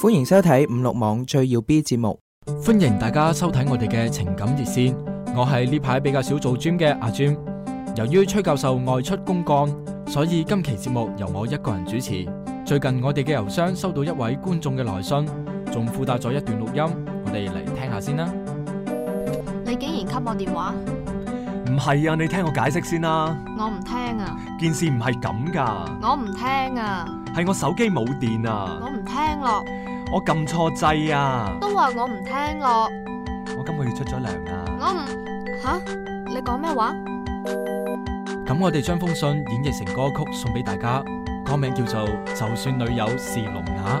歡迎收睇五六網最耀 B 節目，歡迎大家收睇我哋嘅情感熱線，我係呢排比較少做 gym 嘅阿 Jim。由於崔教授外出公幹，所以今期節目由我一個人主持。最近我哋嘅郵箱收到一位觀眾嘅來信，仲附帶咗一段錄音，我哋嚟聽下先啦。你竟然給我電話？唔係啊，你聽我解釋先啦、啊。我唔聽啊。件事唔係咁噶。我唔聽啊。係我手機冇電啊！我唔聽咯。我撳錯掣啊！都話我唔聽咯。我今個月出咗糧啊。我唔。吓？你講咩話？咁我哋將封信演繹成歌曲送俾大家，歌名叫做《就算女友是聾啞》。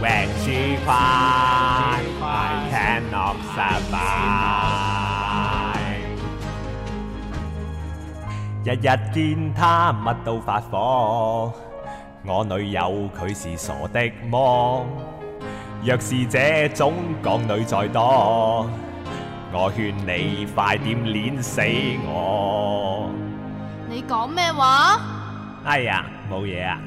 屈指快，cannot survive。日日見他乜都發火。我女友佢是傻的麼？若是這種港女再多，我勸你快點捻死我。你講咩話？哎呀，冇嘢啊。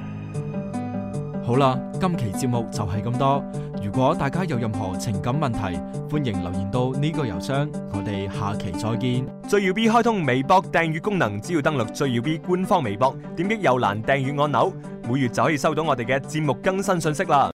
好啦，今期節目就係咁多。如果大家有任何情感問題，歡迎留言到呢個郵箱。我哋下期再見。最耀 B 開通微博訂閱功能，只要登錄最耀 B 官方微博，點擊右欄訂閱按鈕，每月就可以收到我哋嘅節目更新信息啦。